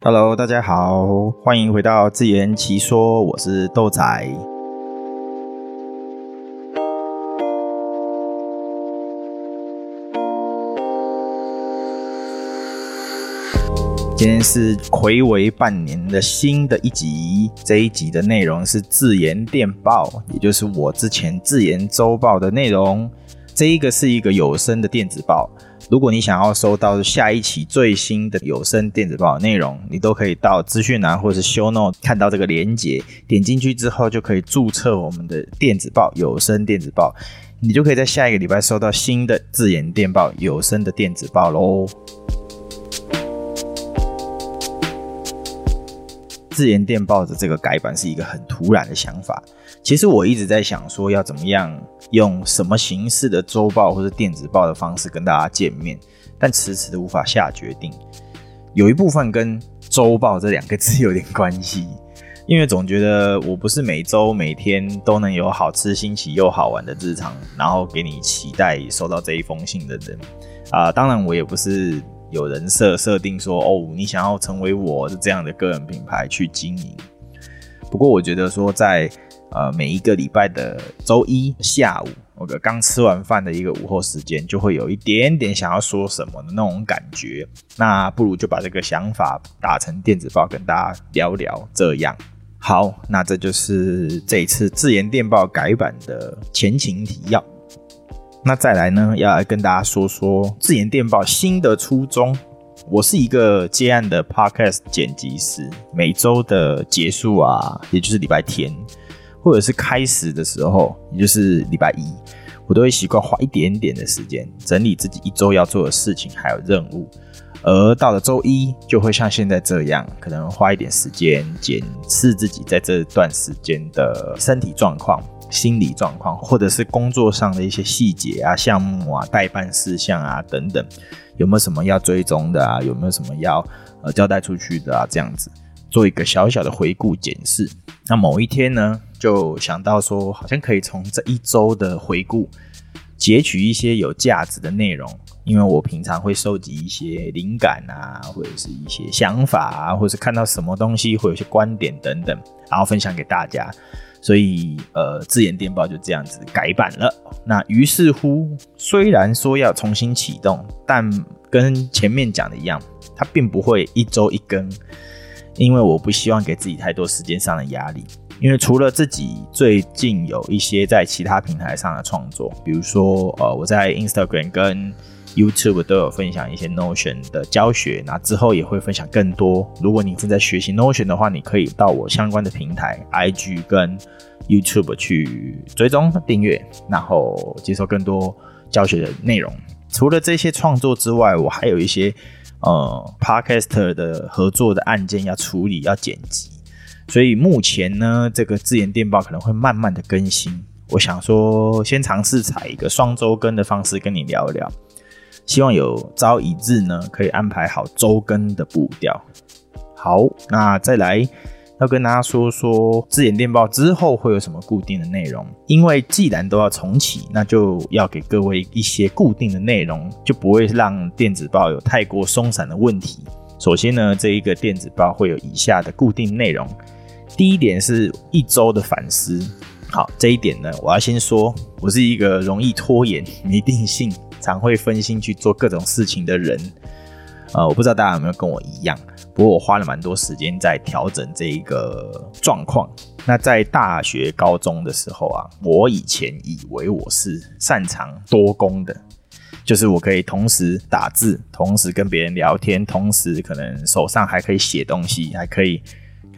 Hello，大家好，歡迎回到自言其說，我是豆仔。今天是暌違半年的新的一集，這一集的內容是自研電報，也就是我之前自研週報的內容。這一個是一個有聲的電子報，如果你想要收到下一期最新的有聲電子報的內容，你都可以到資訊欄或是 show note 看到這個連接，點進去之後就可以註冊我們的電子報、有聲電子報，你就可以在下一個禮拜收到新的自研電報有聲的電子報嘍。自研電報的這個改版是一個很突然的想法。其實我一直在想說要怎麼樣用什麼形式的週報或者電子報的方式跟大家見面，但遲遲都無法下決定。有一部分跟週報這兩個字有點關係，因為總覺得我不是每周每天都能有好吃、新奇又好玩的日常，然後給你期待收到這一封信的人啊、呃。當然，我也不是。有人設設定說，哦，你想要成為我的這樣的個人品牌去經營。不過我覺得說在，在呃每一個禮拜的周一下午，我剛吃完飯的一個午後時間，就會有一點點想要說什麼的那種感覺。那不如就把這個想法打成電子報跟大家聊聊。這樣好，那這就是這一次自研電報改版的前情提要。那再來呢，要來跟大家說說自研電報新的初衷。我是一個接案的 podcast 剪輯師，每周的結束啊，也就是禮拜天，或者是開始的時候，也就是禮拜一，我都會習慣花一點點的時間整理自己一周要做的事情還有任務。而到了周一，就會像現在這樣，可能花一點時間檢視自己在這段時間的身體狀況。心理狀況，或者是工作上的一些細節啊、項目啊、待辦事項啊等等，有沒有什麼要追蹤的啊？有沒有什麼要呃交代出去的啊？這樣子做一個小小的回顧檢視。那某一天呢，就想到說，好像可以從這一周的回顧截取一些有價值的內容，因為我平常會收集一些靈感啊，或者是一些想法啊，或者是看到什麼東西會有些觀點等等，然後分享給大家。所以，呃，自研電報就這樣子改版了。那於是乎，雖然說要重新啟動，但跟前面講的一樣，它並不會一周一更，因為我不希望給自己太多時間上的壓力。因為除了自己最近有一些在其他平台上的創作，比如說，呃，我在 Instagram 跟 YouTube 都有分享一些 Notion 的教學，那之後也會分享更多。如果你正在學習 Notion 的話，你可以到我相關的平台 IG 跟 YouTube 去追蹤訂閱，然後接受更多教學的內容。除了這些創作之外，我還有一些呃、嗯、Podcaster 的合作的案件要處理，要剪輯，所以目前呢，這個自研電報可能會慢慢的更新。我想說，先嘗試採一個雙周更的方式跟你聊一聊。希望有朝一日呢，可以安排好周更的步調。好，那再來要跟大家說說自研電報之後會有什麼固定的內容。因為既然都要重啟，那就要給各位一些固定的內容，就不會讓電子報有太過鬆散的問題。首先呢，這一個電子報會有以下的固定內容。第一點是一周的反思。好，這一點呢，我要先說，我是一個容易拖延、沒定性，常會分心去做各種事情的人，呃，我不知道大家有沒有跟我一樣，不過我花了蠻多時間在調整這一個狀況。那在大學、高中的時候啊，我以前以為我是擅長多工的，就是我可以同時打字，同時跟別人聊天，同時可能手上還可以寫東西，還可以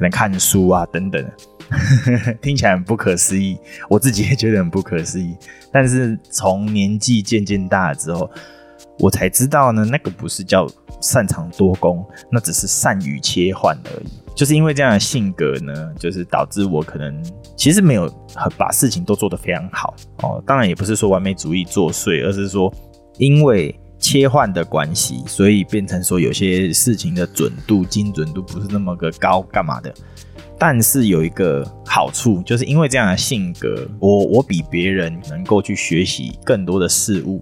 能看書啊，等等呵呵，聽起來很不可思議，我自己也覺得很不可思議。但是從年紀漸漸大了之後，我才知道呢，那個不是叫擅長多工，那只是善於切換而已。就是因為這樣的性格呢，就是導致我可能其實沒有很把事情都做得非常好哦。當然也不是說完美主義作祟，而是說因為切換的關係，所以變成說有些事情的準度、精準度不是那麼個高，幹嘛的？但是有一個好處，就是因為這樣的性格，我我比別人能夠去學習更多的事物。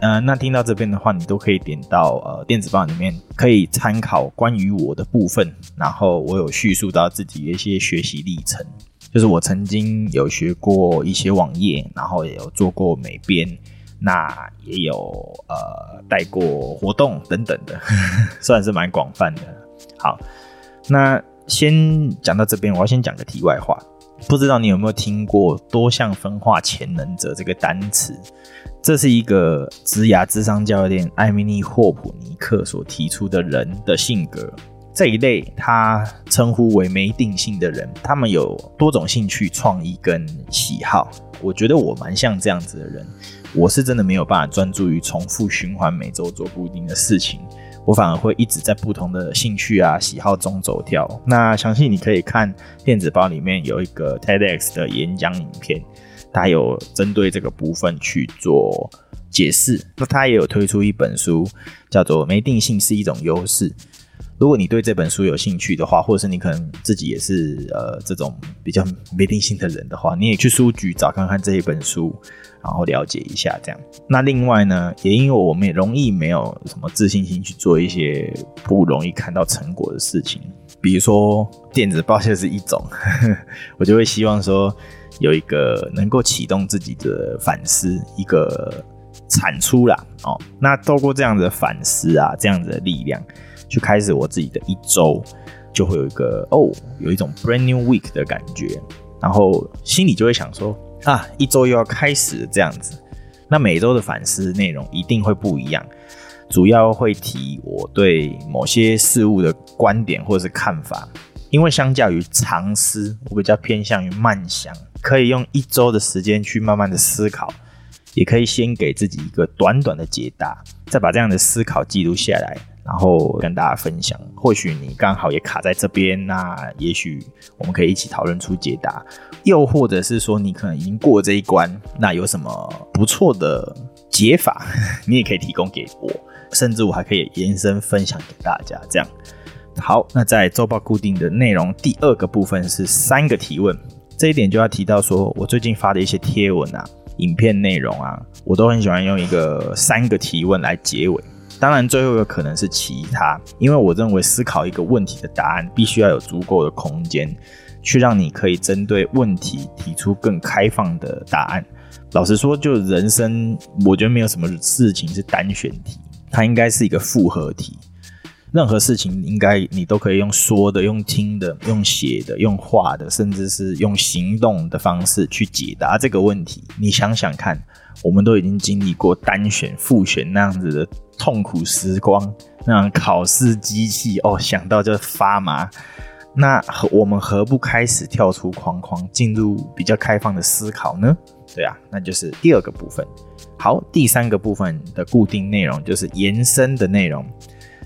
嗯、呃，那聽到這邊的話，你都可以點到呃電子報裡面，可以參考關於我的部分。然後我有敘述到自己一些學習歷程，就是我曾經有學過一些網頁，然後也有做過美編。那也有呃帶過活動等等的， 算是蠻廣泛的。好，那先講到這邊，我要先講個題外話，不知道你有沒有聽過“多向分化潛能者”這個單詞？這是一個職涯諮商教練艾米尼·霍普尼克所提出的人的性格這一類，他稱呼為沒定性的人，他們有多種興趣、創意跟喜好。我覺得我蠻像這樣子的人。我是真的沒有辦法專注於重複循環每周做固定的事情，我反而會一直在不同的興趣啊、喜好中走跳。那相信你可以看電子報裡面有一個 TEDx 的演講影片，他有針對這個部分去做解釋。那他也有推出一本書，叫做《沒定性是一種優勢》。如果你對這本書有興趣的話，或者是你可能自己也是呃這種比較沒定性的人的話，你也去書局找看看這一本書，然後了解一下這樣。那另外呢，也因為我們也容易沒有什麼自信心去做一些不容易看到成果的事情，比如說電子報就是一種， 我就會希望說有一個能夠啟動自己的反思，一個產出啦，哦，那透過這樣的反思啊，這樣子的力量。就開始我自己的一週，就會有一個哦，有一種 brand new week 的感覺，然後心裡就會想說啊，一週又要開始了這樣子。那每週的反思內容一定會不一樣，主要會提我對某些事物的觀點或者是看法。因為相較於長思，我比較偏向於慢想，可以用一週的時間去慢慢的思考，也可以先給自己一個短短的解答，再把這樣的思考記錄下來。然後跟大家分享，或許你剛好也卡在這邊，那也許我們可以一起討論出解答，又或者是說你可能已經過這一關，那有什麼不錯的解法，你也可以提供給我，甚至我還可以延伸分享給大家。這樣，好，那在周報固定的內容第二個部分是三個提問，這一點就要提到說，我最近發的一些貼文啊、影片內容啊，我都很喜歡用一個三個提問來結尾。當然，最後一個可能是其他。因為我認為思考一個問題的答案，必須要有足夠的空間，去讓你可以針對問題提出更開放的答案。老實說，就人生，我覺得沒有什麼事情是單選題，它應該是一個複合題。任何事情，應該你都可以用說的、用聽的、用寫的、用畫的，甚至是用行動的方式去解答這個問題。你想想看，我們都已經經歷過單選、複選那樣子的痛苦時光，那考試機器哦，想到就發麻。那何我們何不開始跳出框框，進入比較開放的思考呢？對啊，那就是第二個部分。好，第三個部分的固定內容就是延伸的內容。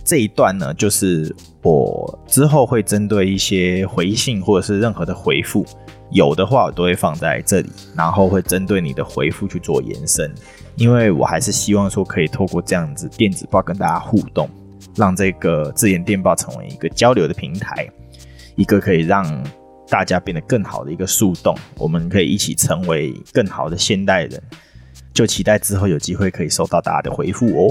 這一段呢，就是我之後會針對一些回信或者是任何的回復，有的話我都會放在這裡，然後會針對你的回復去做延伸，因為我還是希望說可以透過這樣子電子報跟大家互動，讓這個自研電報成為一個交流的平台，一個可以讓大家變得更好的一個樹洞，我們可以一起成為更好的現代人，就期待之後有機會可以收到大家的回復哦。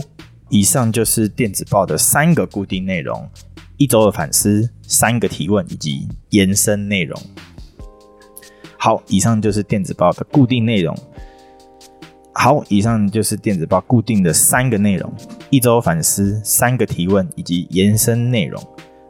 以上就是電子報的三個固定內容：一周的反思、三個提問以及延伸內容。好，以上就是電子報的固定內容。好，以上就是電子報固定的三個內容：一周反思、三個提問以及延伸內容。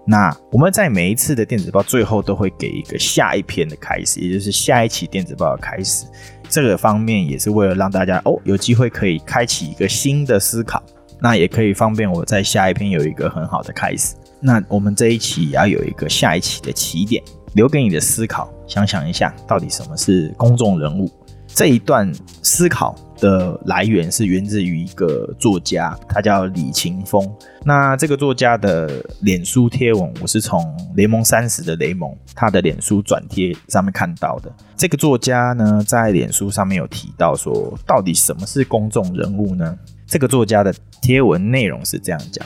那我們在每一次的電子報最後都會給一個下一篇的開始，也就是下一期電子報的開始。這個方面也是為了讓大家，哦，有機會可以開啟一個新的思考。那也可以方便我在下一篇有一個很好的開始。那我們這一期也要有一個下一期的起點，留給你的思考，想想一下到底什麼是公眾人物。這一段思考的來源是源自於一個作家，他叫李清峰。那這個作家的臉書貼文，我是從雷蒙三十的雷蒙他的臉書轉貼上面看到的。這個作家呢，在臉書上面有提到說，到底什麼是公眾人物呢？這個作家的貼文內容是這樣講的：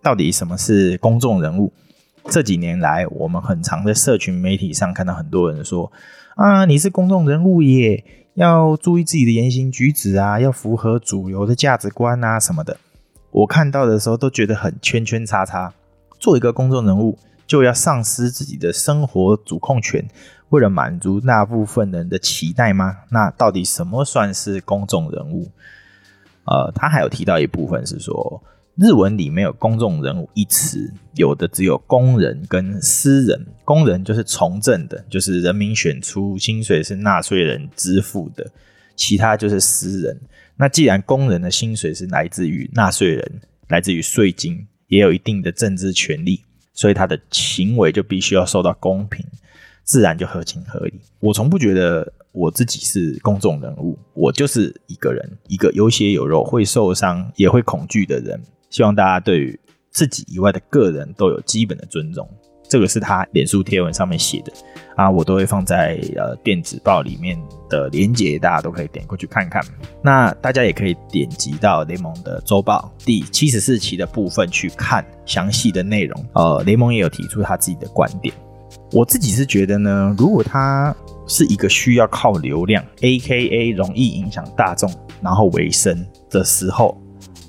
到底什麼是公眾人物？這幾年來，我們很常在社群媒體上看到很多人說：“啊，你是公眾人物耶，要注意自己的言行舉止啊，要符合主流的價值觀啊什麼的。”我看到的時候都覺得很圈圈叉叉。做一個公眾人物就要喪失自己的生活主控權，為了滿足那部分人的期待嗎？那到底什麼算是公眾人物？呃，他還有提到一部分是說。日文裡沒有公眾人物一詞，有的只有公人跟私人。公人就是從政的，就是人民選出，薪水是納稅人支付的，其他就是私人。那既然公人的薪水是來自於納稅人，來自於稅金，也有一定的政治權利，所以他的行為就必須要受到公平，自然就合情合理。我從不覺得我自己是公眾人物，我就是一個人，一個有血有肉、會受傷也會恐懼的人。希望大家對於自己以外的個人都有基本的尊重，這個是他臉書貼文上面寫的啊，我都會放在呃電子報裡面的鏈接，大家都可以點過去看看。那大家也可以點擊到雷蒙的周報第七十四期的部分去看詳細的內容。呃，雷蒙也有提出他自己的觀點。我自己是覺得呢，如果他是一個需要靠流量 （AKA 容易影響大眾然後維生）的時候。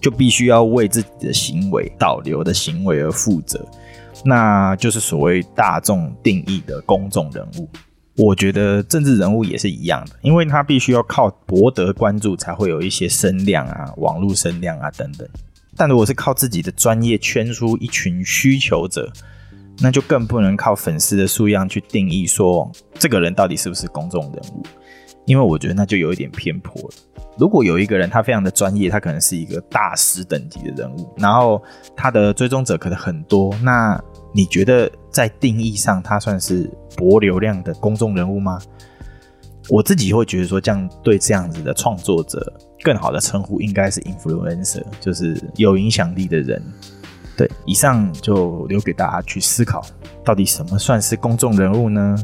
就必須要為自己的行為、導流的行為而負責，那就是所謂大眾定義的公眾人物。我覺得政治人物也是一樣的，因為他必須要靠博得關注才會有一些聲量啊、網絡聲量啊等等。但如果是靠自己的專業圈出一群需求者，那就更不能靠粉絲的數量去定義說這個人到底是不是公眾人物。因為我覺得那就有一點偏頗了。如果有一個人他非常的專業，他可能是一個大師等級的人物，然後他的追蹤者可能很多，那你覺得在定義上他算是博流量的公眾人物嗎？我自己會覺得說，這樣對這樣子的創作者，更好的稱呼應該是 influencer，就是有影響力的人。對，以上就留給大家去思考，到底什麼算是公眾人物呢？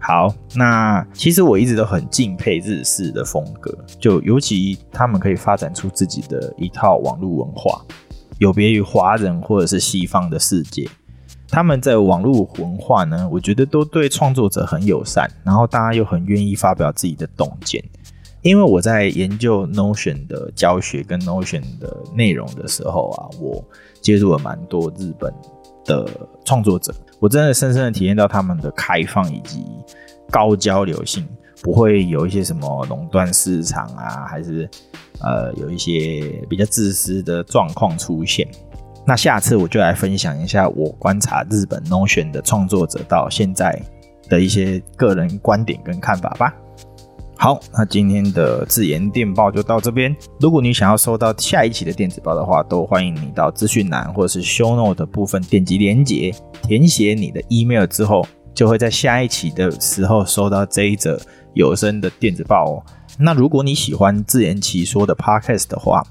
好，那其實我一直都很敬佩日式的風格，就尤其他們可以發展出自己的一套網絡文化，有別於華人或者是西方的世界。他們在網絡文化呢，我覺得都對創作者很友善，然後大家又很願意發表自己的洞見。因為我在研究 Notion 的教學跟 Notion 的內容的時候啊，我接觸了蠻多日本的創作者。我真的深深的體驗到他們的開放以及高交流性，不會有一些什麼壟斷市場啊，還是呃有一些比較自私的狀況出現。那下次我就來分享一下我觀察日本 Notion 的創作者到現在的一些個人觀點跟看法吧。好，那今天的自研電報就到這邊。如果你想要收到下一期的電子報的話，都歡迎你到資訊欄或者是 show note 的部分點擊連結，填寫你的 email 之後，就會在下一期的時候收到這一則有聲的電子報哦。那如果你喜歡自圓其說的 podcast 的話，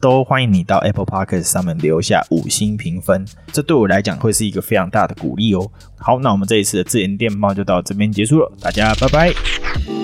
都歡迎你到 Apple Podcast 上面留下五星評分，這對我來講會是一個非常大的鼓勵哦。好，那我們這一次的自研電報就到這邊結束了，大家拜拜。